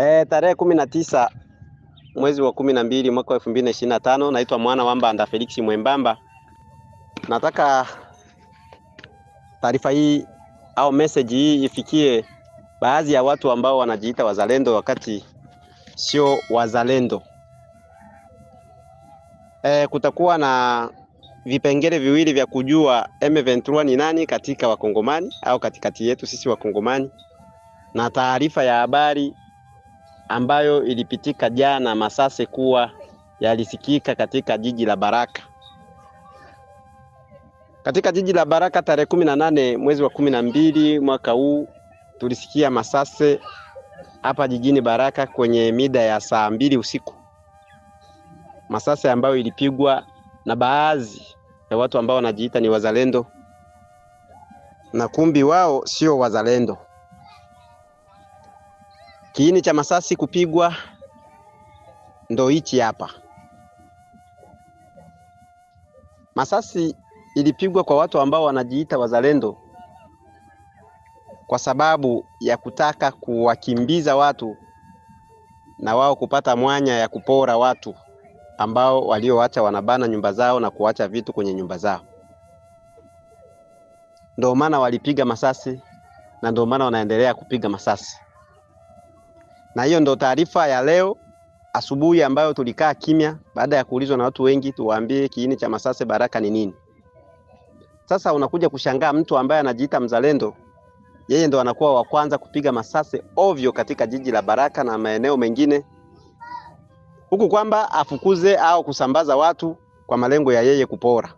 E, tarehe kumi na tisa mwezi wa kumi na mbili mwaka wa elfu mbili na ishirini na tano naitwa Mwana Wamba anda Felix Mwembamba. Nataka taarifa hii au message hii ifikie baadhi ya watu ambao wanajiita wazalendo wakati sio wazalendo. E, kutakuwa na vipengele viwili vya kujua M23 ni nani katika Wakongomani au katikati yetu sisi Wakongomani na taarifa ya habari ambayo ilipitika jana masase kuwa yalisikika katika jiji la Baraka. Katika jiji la Baraka tarehe kumi na nane mwezi wa kumi na mbili mwaka huu tulisikia masase hapa jijini Baraka kwenye mida ya saa mbili usiku, masase ambayo ilipigwa na baadhi ya watu ambao wanajiita ni wazalendo na kumbi wao sio wazalendo. Kiini cha masasi kupigwa ndo hichi hapa. Masasi ilipigwa kwa watu ambao wanajiita wazalendo kwa sababu ya kutaka kuwakimbiza watu na wao kupata mwanya ya kupora watu ambao walioacha wanabana nyumba zao na kuacha vitu kwenye nyumba zao. Ndio maana walipiga masasi na ndio maana wanaendelea kupiga masasi. Na hiyo ndo taarifa ya leo asubuhi ambayo tulikaa kimya baada ya kuulizwa na watu wengi, tuwaambie kiini cha Masase Baraka ni nini. Sasa unakuja kushangaa mtu ambaye anajiita mzalendo, yeye ndo anakuwa wa kwanza kupiga masase ovyo katika jiji la Baraka na maeneo mengine, huku kwamba afukuze au kusambaza watu kwa malengo ya yeye kupora.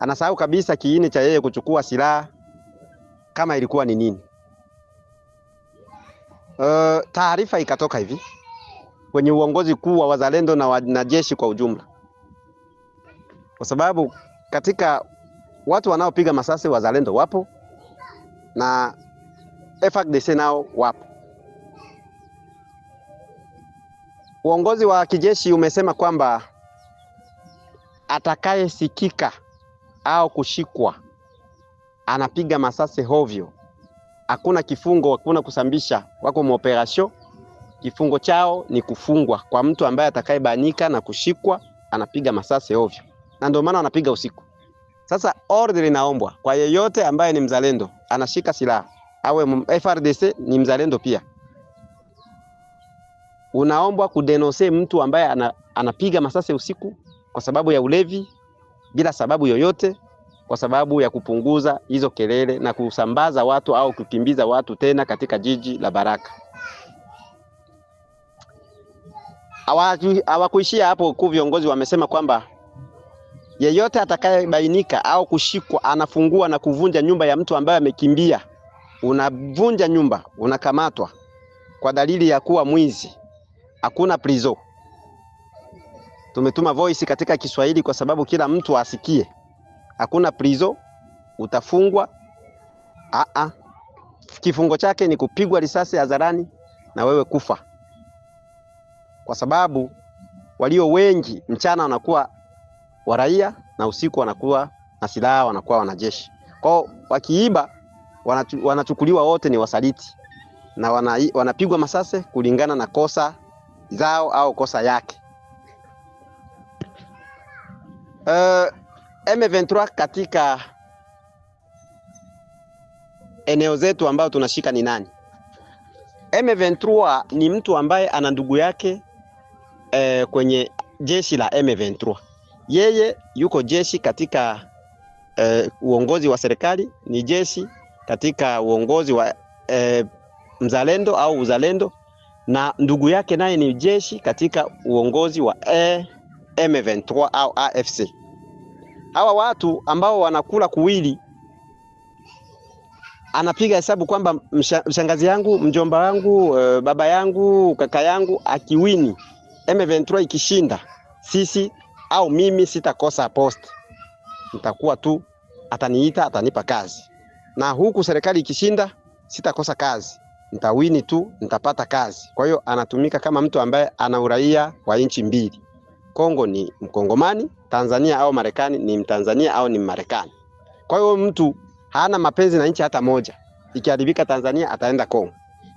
Anasahau kabisa kiini cha yeye kuchukua silaha kama ilikuwa ni nini. Uh, taarifa ikatoka hivi kwenye uongozi kuu wa wazalendo na wanajeshi kwa ujumla, kwa sababu katika watu wanaopiga masasi wazalendo wapo na FARDC nao wapo. Uongozi wa kijeshi umesema kwamba atakayesikika au kushikwa anapiga masasi hovyo hakuna kifungo, hakuna kusambisha, wako maoperasio. Kifungo chao ni kufungwa kwa mtu ambaye atakayebanika na kushikwa anapiga masasi ovyo, na ndio maana anapiga usiku. Sasa order inaombwa kwa yeyote ambaye ni mzalendo anashika silaha, awe FRDC ni mzalendo pia, unaombwa kudenose mtu ambaye anapiga masase usiku kwa sababu ya ulevi bila sababu yoyote kwa sababu ya kupunguza hizo kelele na kusambaza watu au kukimbiza watu tena katika jiji la Baraka. Hawakuishia hapo, ku viongozi wamesema kwamba yeyote atakayebainika au kushikwa anafungua na kuvunja nyumba ya mtu ambaye amekimbia, unavunja nyumba, unakamatwa kwa dalili ya kuwa mwizi. Hakuna prizo. Tumetuma voice katika Kiswahili kwa sababu kila mtu asikie hakuna prizo, utafungwa. Aa, kifungo chake ni kupigwa risasi hadharani na wewe kufa, kwa sababu walio wengi mchana wanakuwa waraia na usiku wanakuwa na silaha, wanakuwa wanajeshi. Kwao wakiiba wanachukuliwa wote ni wasaliti na wana, wanapigwa masase kulingana na kosa zao au kosa yake. Uh, M23 katika eneo zetu ambayo tunashika ni nani? M23 ni mtu ambaye ana ndugu yake eh, kwenye jeshi la M23. Yeye yuko jeshi katika eh, uongozi wa serikali, ni jeshi katika uongozi wa eh, mzalendo au uzalendo, na ndugu yake naye ni jeshi katika uongozi wa eh, M23 au AFC hawa watu ambao wanakula kuwili, anapiga hesabu kwamba mshangazi yangu, mjomba wangu, eh, baba yangu, kaka yangu akiwini M23 ikishinda, sisi au mimi sitakosa post, nitakuwa tu ataniita, atanipa kazi, na huku serikali ikishinda sitakosa kazi, nitawini tu, nitapata kazi. Kwa hiyo anatumika kama mtu ambaye ana uraia wa nchi mbili. Kongo ni Mkongomani, Tanzania au Marekani ni Mtanzania au ni Marekani. Kwa hiyo mtu hana mapenzi na nchi hata moja. Ikiharibika Tanzania ataenda Kongo,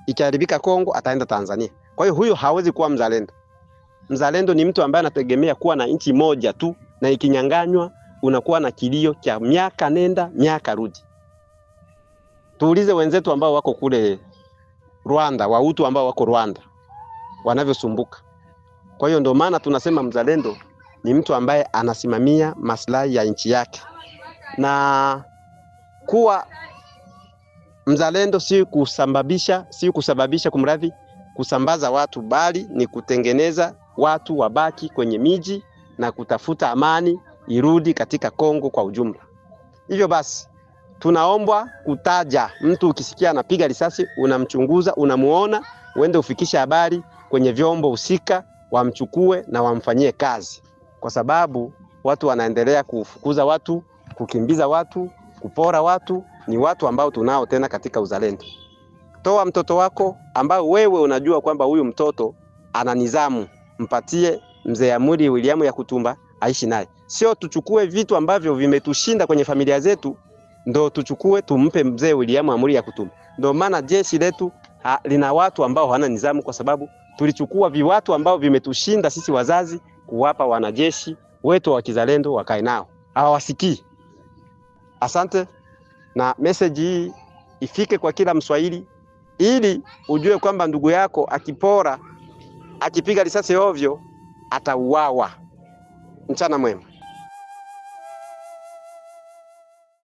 ikiharibika Kongo ataenda Tanzania. Kwa hiyo huyo hawezi kuwa mzalendo. Mzalendo ni mtu ambaye anategemea kuwa na nchi moja tu, na ikinyang'anywa unakuwa na kilio cha miaka nenda miaka rudi. Tuulize wenzetu ambao wako kule Rwanda, Wahutu ambao wako Rwanda wanavyosumbuka. Kwa hiyo ndio maana tunasema mzalendo ni mtu ambaye anasimamia maslahi ya nchi yake, na kuwa mzalendo si kusababisha, si kusababisha kumradhi, kusambaza watu, bali ni kutengeneza watu wabaki kwenye miji na kutafuta amani irudi katika Kongo kwa ujumla. Hivyo basi tunaombwa kutaja mtu, ukisikia anapiga risasi unamchunguza, unamuona, uende ufikishe habari kwenye vyombo husika wamchukue na wamfanyie kazi, kwa sababu watu wanaendelea kufukuza watu, kukimbiza watu, kupora watu. Ni watu ambao tunao tena katika uzalendo. Toa mtoto wako ambao wewe unajua kwamba huyu mtoto ana nizamu, mpatie mzee Amuri William ya kutumba aishi naye, sio tuchukue vitu ambavyo vimetushinda kwenye familia zetu ndo tuchukue tumpe mzee William Amuri ya kutumba. Ndio maana jeshi letu ha, lina watu ambao hawana nidhamu, kwa sababu tulichukua viwatu ambao vimetushinda sisi wazazi kuwapa wanajeshi wetu wa kizalendo wakae nao, hawasikii. Asante, na message hii ifike kwa kila Mswahili ili ujue kwamba ndugu yako akipora, akipiga risasi ovyo atauawa. Mchana mwema.